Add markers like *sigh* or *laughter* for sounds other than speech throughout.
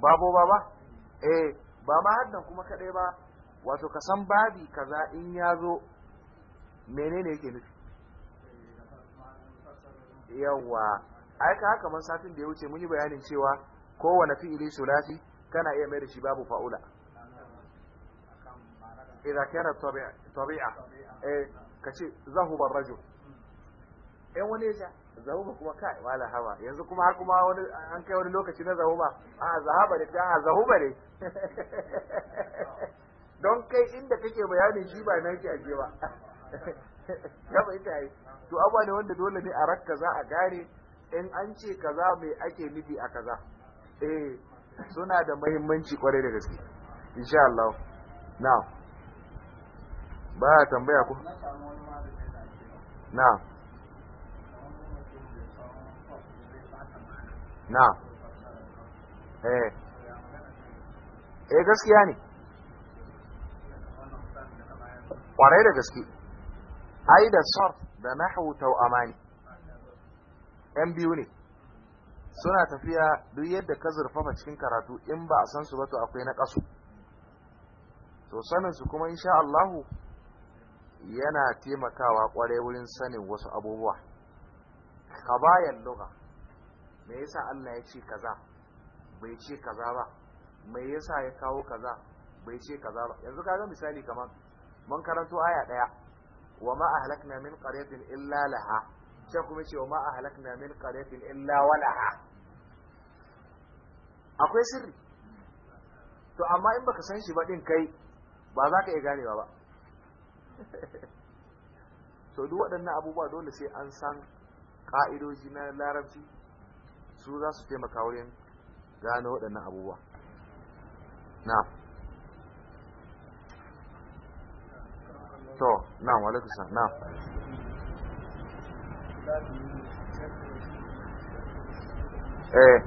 babo ba ba eh ba ma haddan kuma kadai ba wato ka san babi kaza in ya zo menene yake nufi yawa ai ka haka man satin da ya wuce mun yi bayanin cewa kowane fi'ili sulasi kana iya mai da shi babu fa'ula idza kana tabi'a tabi'a eh kace zahuba rajul eh wani ya zauba kuma kai wala hawa yanzu kuma har kuma wani an kai wani lokaci na zauba a zahaba da ta zahuba ne *laughs* don kai inda kake bayani shi ba nan ki aje ba *laughs* ya bai ta yi to abuwa ne wanda dole ne a rakka za a gane in an ce kaza mai ake nufi a kaza eh suna da muhimmanci kwarai da gaske insha Allah now ba tambaya ku na na eh eh gaskiya ne kwarai da gaske ai da tsar da nahwu amani. yan biyu ne suna tafiya duk yadda ka zurfafa cikin karatu in ba a san su ba to akwai na kasu to sanin su kuma insha Allah yana taimakawa kwarai wurin sanin wasu abubuwa kabayan lugha me yasa Allah ya ce kaza bai ce kaza ba me yasa ya kawo kaza bai ce kaza ba yanzu kaga misali kamar mun karanto aya daya wa ma ahlakna min qaryatin illa laha sai kuma ce wa ma ahlakna min qaryatin illa walaha akwai sirri to amma in baka san shi ba din kai ba za ka iya ganewa ba *laughs* to duk waɗannan abubuwa dole sai an san ka'idoji na larabci su za su taimaka wurin gane waɗannan abubuwa na to na walakusa na eh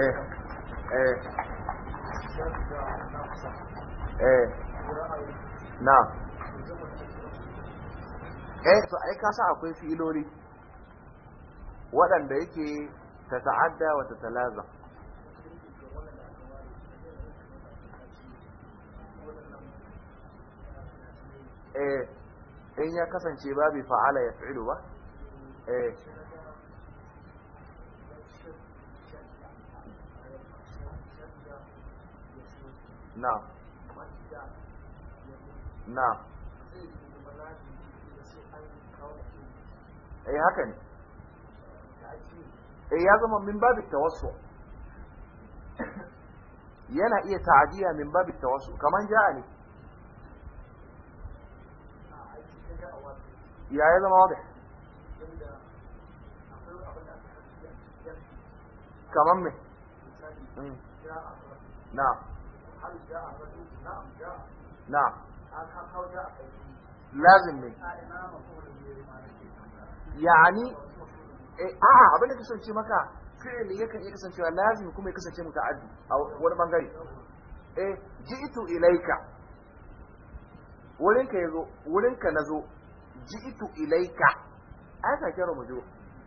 eh eh eh na eh to ai ka san akwai filoli waɗanda yake ta ta'adda wa ta talaza eh in ya kasance babu fa'ala ya fi'ilu ba eh na'am na'am eh haka ne eh ya zama min babu tawassu yana iya ta'diya min babu tawassu kaman ja'a ne ya ya zama wadih kaman me hmm. na'am lazim ne yani eh, a'a abin da ka sauce maka fi'ili yakan iya kasancewa lazim kuma ya kasance muta'addi a wani bangare eh ji'tu ilaika wurinka yazo wurinka nazo ji'tu ilaika aka kira mujo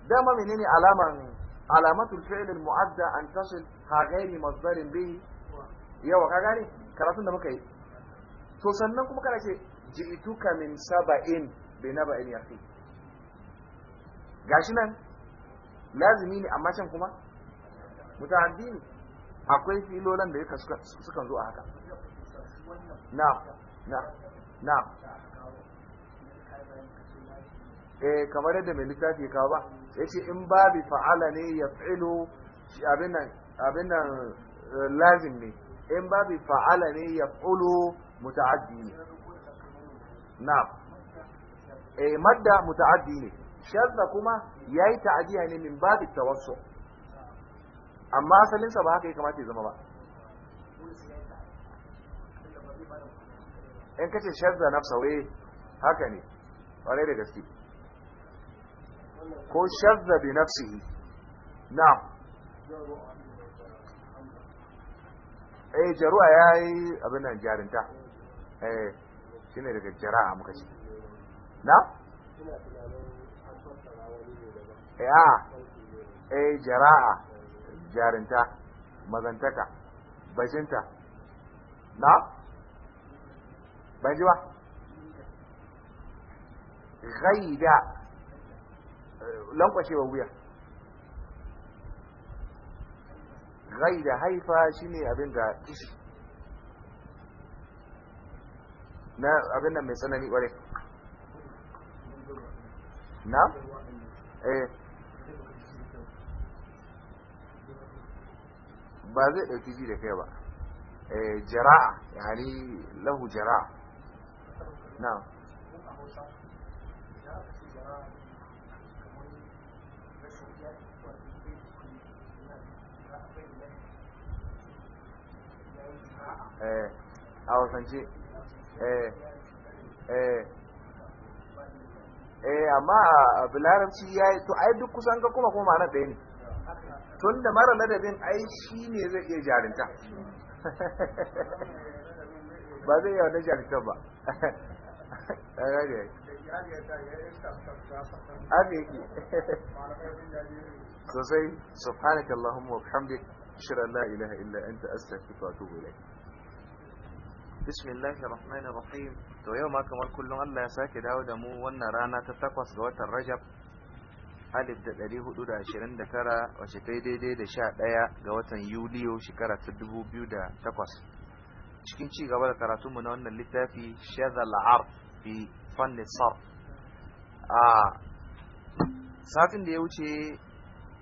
dama menene alaman alamatul fi'l al mu'adda an tasil ha ghairi masdarin bihi yawa ka gane karatun da muka yi to sannan kuma kana ce ji'tuka min saba'in bai na ba'in ya gashi nan lazimi ne amma can kuma mutahaddi ne akwai filolan da yaka sukan zo a haka na na na eh kamar yadda mai littafi ya kawo ba ya ce in babi fa'ala ne ya fa'ilo shi abin nan eh, lazim ne in babu fa'ala ne ya ƙulu muta'addi ne na e eh, madda muta'addi ne shadda kuma ya yi ta'adiyya ne min babu tawassu amma asalinsa ba haka ya kamata ya zama ba in kace shadda nafsa wai haka ne ƙwarai da gaske ko shadda bi nafsihi Na. eh jaruwa yayi abin nan jarinta eh shine daga jara'a muka ce na ya eh jara'a jarinta mazantaka bashinta na ban ji ba Lankwashe eh, lankwashewa wuya gai da haifa shi ne abin da na abin da mai tsanani ware na? eh ba zai ɗauki ji da kai ba eh jara'a yani lahu jara'a na eh a wasance eh, eh eh amma a ya yayi to ai duk kusan ga kuma kuma ma'ana ɗaya ne tun da mara ladabin ai shi ne zai iya jarinta *laughs* ba zai iya wani jarinta ba Abi *laughs* *laughs* sosai subhanakallahumma wa bihamdika أشهد أن لا إله إلا أنت أستغفرك وأتوب إليك bismillahi rahmanir rahim to yau ma kamar kullum Allah ya sake dawo da mu wannan rana ta takwas ga watan Rajab alif da ɗari hudu da ashirin da daidai da sha ɗaya ga watan Yuliyo shekara ta 2008 cikin ci gaba da karatunmu na wannan littafi shazal ar fi fanni sar a satin da ya wuce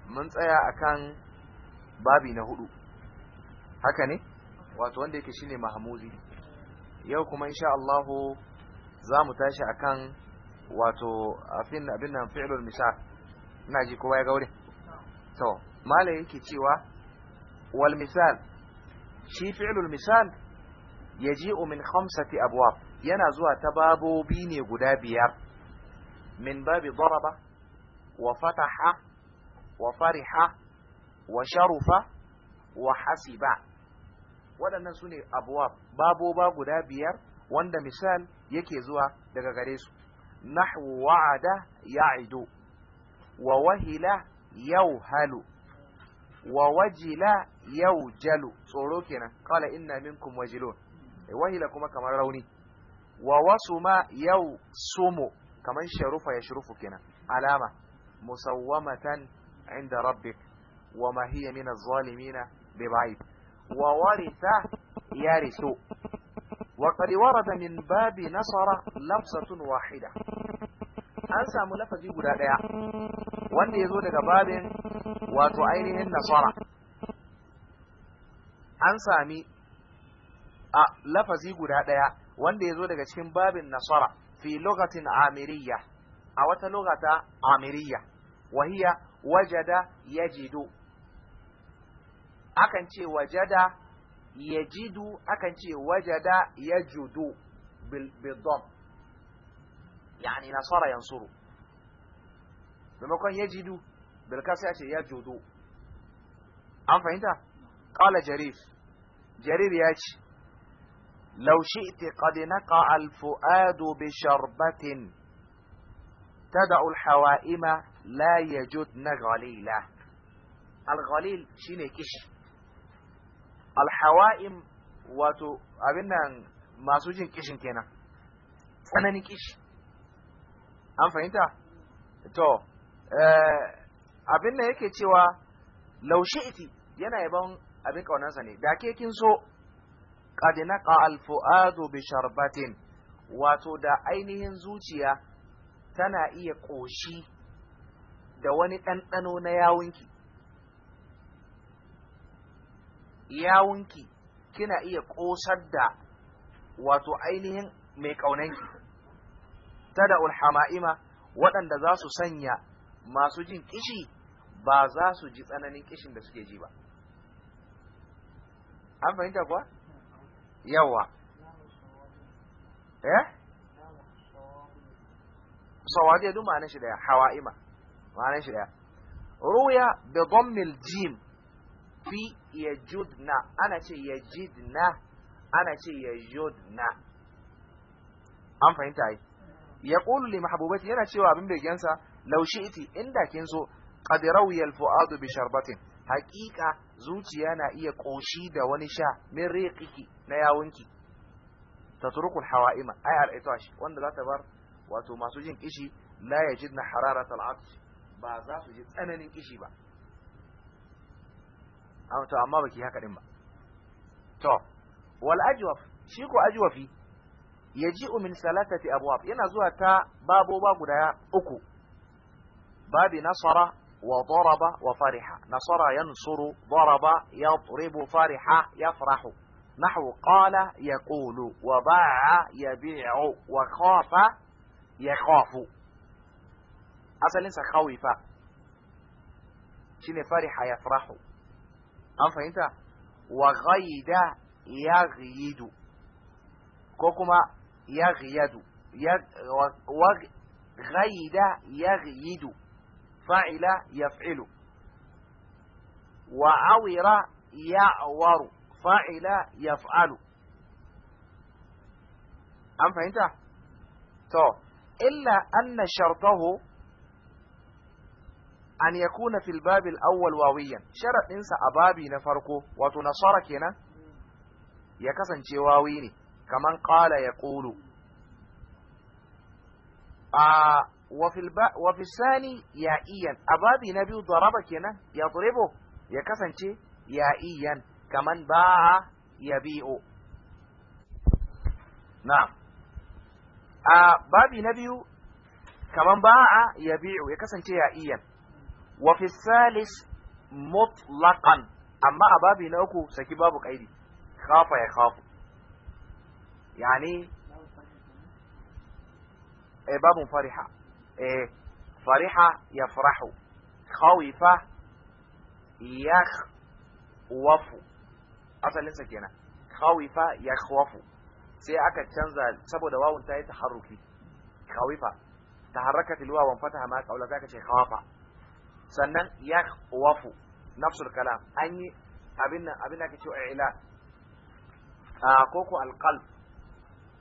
mun tsaya akan babi na hudu haka ne wato wanda yake shine mahmuzi yau kuma insha Allah za mu tashi akan wato afin abin nan fi'lul misal ina ji kowa ya ga to mala yake cewa wal misal shi fi'lul misal yaji'u min khamsati abwab yana zuwa ta babobi ne guda biyar min babi daraba wa fataha wa fariha wa sharufa wa hasiba waɗannan su ne abuwa baboba guda biyar wanda misal yake zuwa daga gare su nahwu wa'ada ido. wa wahila yauhalu wa wajila jalu tsoro kenan qala inna minkum wajilun eh, wahila kuma kamar rauni wa wasuma yau sumo kamar sharufa ya shurufu kenan alama musawwamatan inda rabbik Wa وما هي من الظالمين ببعيد وورث يرث وقد ورد من باب نصر لفظة wahida. an samu lafazi guda ɗaya wanda ya zo daga babin wato ainihin nasara an sami a lafazi guda ɗaya wanda ya zo daga cikin babin nasara fi lokatin amiriyya a wata lokata amiriya wahiya wajada yajidu akan ce wajada yajidu akan ce wajada yajudu bidom yani nasara yansuru maimakon yajidu bilka sai a ce yajudu an fahimta qala jarir jarir ya ce لو شئت قد نقع الفؤاد بشربة تدع الحوائم لا يجدن غليلا الغليل شيني كشف alhawa'im wato abin nan masu jin kishin kenan tsananin kishi an fahimta to eh, abin nan yake cewa laushe iti yana yaban abin kaunansa ne da ke kin so qad naqa al fuadu bi sharbatin wato da ainihin zuciya tana iya koshi da wani ɗanɗano na yawunki yawunki kina iya ƙosar da wato ainihin mai ƙaunanki tada ulhama'ima waɗanda za su sanya masu jin kishi ba za su ji tsananin kishin da suke ji ba an fahimta kuwa yawa eh sawadi duk ma'anin shi daya hawa'ima ma'anin shi daya ruya da gommil jim fi yajudna ana ce yajidna ana ce yajudna an fahimta ai ya qulu li mahbubati yana cewa abin begensa laushi shi'ti inda kin so qad rawiya al bi sharbatin haƙiƙa zuciya na iya koshi da wani sha min riqiki na yawunki tatruku al hawaima ay al wanda za ta bar wato masu jin kishi la yajidna hararat al ba za su ji tsananin kishi ba amma to amma baki haka din ba to wal ajwaf shi ko ajwafi yaji'u min salatati abwab yana zuwa ta baboba guda uku babi nasara wa daraba wa fariha nasara yansuru daraba yadribu fariha yafrahu نحو قال يقول وباع يبيع وخاف يخاف أصل إنسى خوف شين فرح يفرح an fahimta wa ghaida yaghyidu ko kuma yaghyadu wa ghaida yaghyidu fa'ila yaf'ilu wa awira ya'waru fa'ila yaf'alu an fahimta to illa anna shartahu أن يكون في الباب الأول واويا شرط إنسى أبابي نفرقه وتنصركنا يكسن جواويني كمن قال يقول آه، وفي, الب... وفي الثاني يائيا أبابي نبي ضربكنا يضربه يكسن يائيا كمن باع يبيع نعم أبابي آه، بابي نبي كمن باع يبيع يكسن يائيا وفي الثالث مطلقا اما ابابي نوكو سكي بابك ايدي خاف يخاف يعني إيه باب فرحة إيه فرحة يفرح خوف يخوف اصل لنسى هنا خوف يخوف سيأكا تشانزا سبو دواو انتهي تحركي خوف تحركت الواو وانفتح ماك أو لذاك شي خوفا sannan wafu nafsul kalam an yi abin nan abin da ake cewa ila a ah, koko alqalb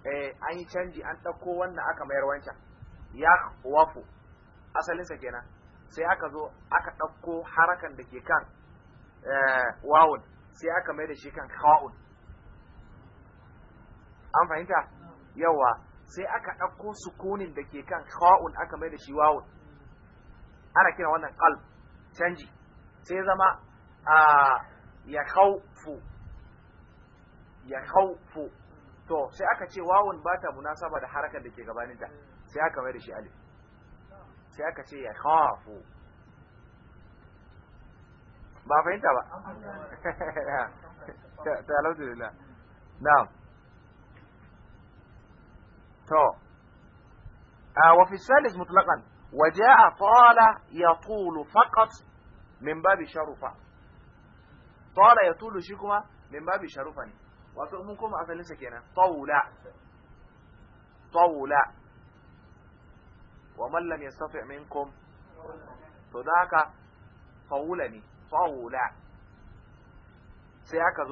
eh an yi canji an dauko wannan aka mayar wancan wafu asalinsa kenan sai aka zo aka dauko harakan da ke kan eh, wawun sai aka mai da shi kan khawun an fahimta yawa sai aka dauko sukunin da ke kan khawun aka mai da shi wawun ana kira wannan kalb canji sai zama a ya khawfu ya khawfu to sai aka ce wawun ba ta munasaba da harakar da ke gabaninta sai aka mai da shi alif sai aka ce ya khafu ba fahimta ba *laughs* ta alhamdulillah na'am to a wa fi salis mutlaqan وجاء طال يطول فقط من باب شرفة طال يطول شكما من باب شرفة وتؤمنكم أفلن سكينة طول طول ومن لم يستطع منكم تداك طولني طول sai aka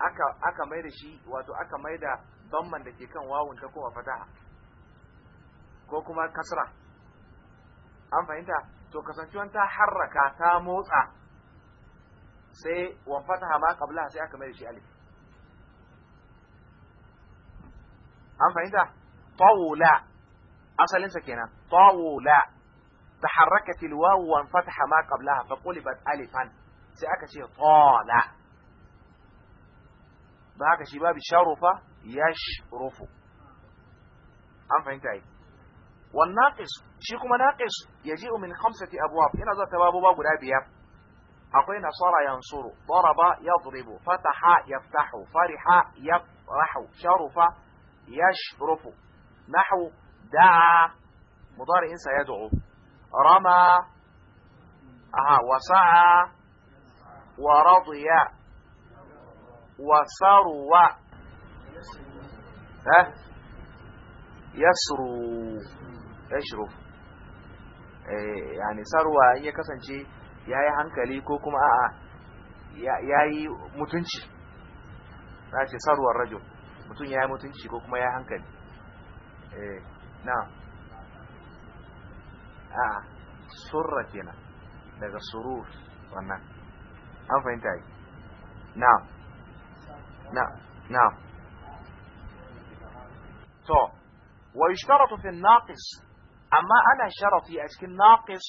aka aka mai da shi wato aka mai da damman da ke kan wawun ta kuma fataha ko kuma kasra an fahimta to kasancewan ta harraka ta motsa sai wan fataha ma qabla sai aka mai shi alif an fahimta tawla asalin sa kenan tawla alwaw tawula تحركت الواو وانفتح ما قبلها فقلبت ألفا سأكا شيء طال بهاك شباب شرف يشرف أم فهمت أيه والناقص شي كما ناقص يجيء من خمسة أبواب هنا هذا باب باب لا أقول نصر ينصر ضرب يضرب فتح يفتح فرح يفرح شرف يشرف نحو دعا مضارع يدعو رمى أها وسعى ورضي وسروى ها يسروا yashru eh, yani sarwa ya kasance ya yi hankali ko kuma a'a yi mutunci na ce sarwar rajul mutum yi mutunci ko kuma ya yi hankali eh na a surra kenan daga surur wannan an fahimta yi na na na to wa yushtaratu fi naqis أما أنا شرطي أسك ناقص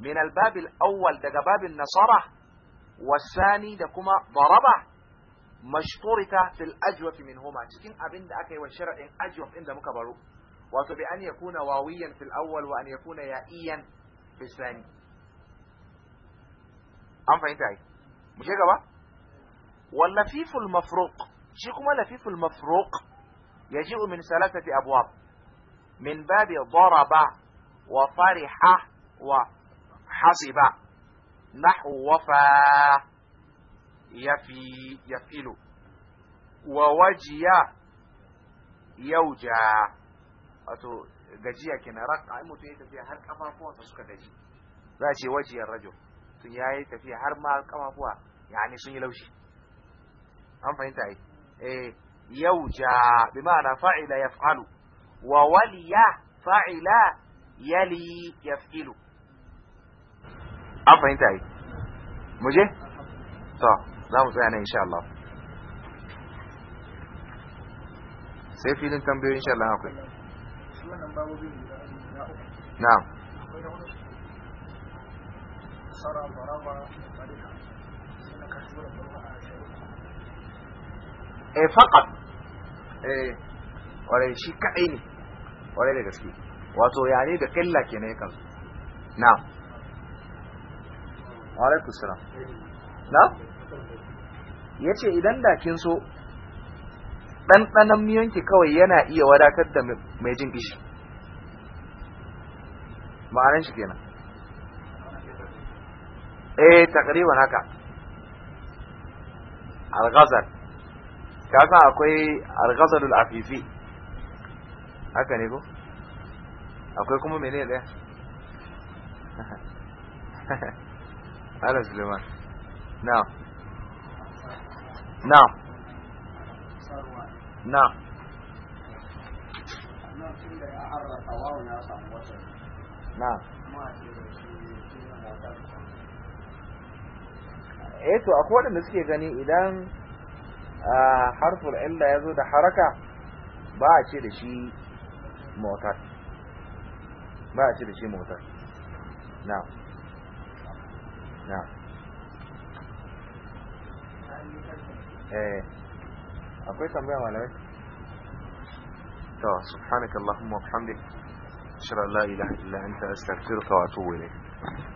من الباب الأول ده باب النصرة والثاني ده كما ضربة مشطورته في الأجوف منهما تكين أبين ده أكي وشرع أجوف إن ده مكبرو وبأن يكون واويا في الأول وأن يكون يائيا في الثاني أم فإنت أي مجيكا با واللفيف المفروق شيكما لفيف المفروق يجيء من ثلاثة أبواب من باب ضرب وفرح وحسب نحو وفى يفي يفعل ووجي يوجا wato gajiya kenan raka ai mutum ya tafiya har kafafuwansa suka gaji za a ce wajiyar rajo tun ya yi tafiya har ma kafafuwa yani sun yi laushi an fahimta ai eh yauja bi ma'ana fa'ila yaf'alu wa waliya fa'ila yali yaf'ilu an fahimta yi mu je to za mu tsaya nan insha Allah sai filin tambayoyi insha Allah akwai Na eh faqat eh ware shi kaɗai ne kwarai da gaske wato yare da kalla ke na yakan na ƙwarai kusura na ya ce idan da kin so ɗanɗanan miyanki kawai yana iya wadatar da mai jin gishi ma'anan shi kenan eh takriban haka al-ghazal ka san akwai al afifi haka ne ko akwai kuma mene ɗaya ala suleiman na na na na eh to akwai waɗanda suke gani idan harful illa ya zo da haraka ba a ce da shi motar ba a ce da shi motar na na eh akwai tambaya malamai to subhanakallahumma wa bihamdika ashhadu an la ilaha illa anta astaghfiruka wa atubu ilayk